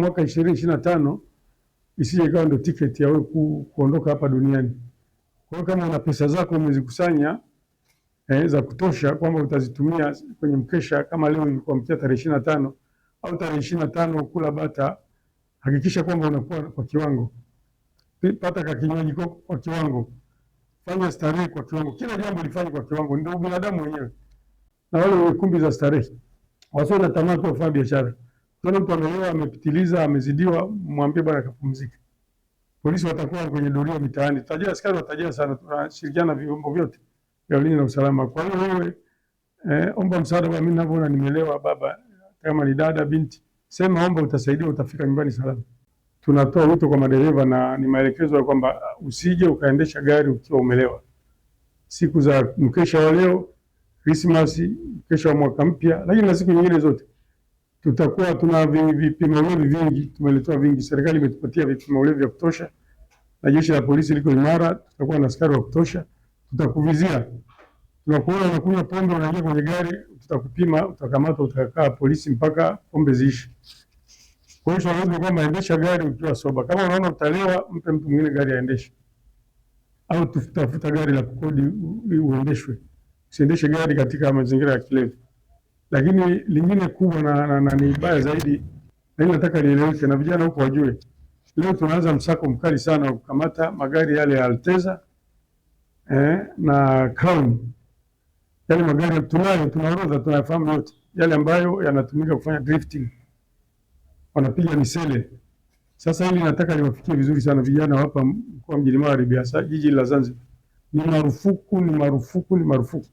mwaka ishirini ishirini na tano isije ikawa ndio tiketi ya wewe ku, kuondoka hapa duniani. Kwa hiyo kama una pesa zako umezikusanya eh, za kutosha kwamba utazitumia kwenye mkesha kama leo ilikuwa mkia tarehe ishirini na tano au tarehe ishirini na tano kula bata, hakikisha kwamba unakuwa kwa kiwango, pata ka kinywaji kwa kiwango, fanya starehe kwa kiwango, kila jambo lifanye kwa kiwango, ndio binadamu wenyewe. Na wale kumbi za starehe wasio na tamaa kwa biashara maana mtu amelewa, amepitiliza, amezidiwa, mwambie bwana akapumzike. Polisi watakuwa kwenye doria mitaani, tutajaa askari, watajaa sana. Tunashirikiana vyombo vyote vya ulinzi na usalama. Kwa hiyo wewe eh, omba msaada. kwa Mimi ninavyoona nimelewa, baba, kama ni dada, binti, sema, omba, utasaidiwa, utafika nyumbani salama. Tunatoa wito kwa madereva na ni maelekezo ya kwamba uh, usije ukaendesha gari ukiwa umelewa. Siku za mkesha wa leo Krismasi, mkesha wa mwaka mpya, lakini na siku nyingine zote tutakuwa tuna vipima ulevi vingi, tumeletewa vingi. Serikali imetupatia vipima ulevi vya kutosha, na jeshi la polisi liko imara. Tutakuwa na askari wa kutosha, tutakuvizia. Tunakuona unakunywa pombe, unaingia kwenye gari, tutakupima, utakamatwa, utakaa polisi mpaka pombe ziishe. Kwa hiyo tunaweza kwamba endesha gari ukiwa soba. Kama unaona utalewa, mpe mtu mwingine gari aendeshe, au tutafuta gari la kukodi uendeshwe. Usiendeshe gari katika mazingira ya kilevi. Lakini lingine kubwa na, na, na ni baya zaidi, lakini nataka nieleweke na vijana huko wajue. Leo tunaanza msako mkali sana wa kukamata magari yale ya Alteza eh, na Crown, yale magari tunayo, tunaorodha, tunayafahamu yote yale ambayo yanatumika kufanya drifting, wanapiga misele. Sasa hili nataka liwafikie vizuri sana vijana hapa mkoa Mjini Magharibi, hasa jiji la Zanzibar. Ni marufuku, ni marufuku, ni marufuku.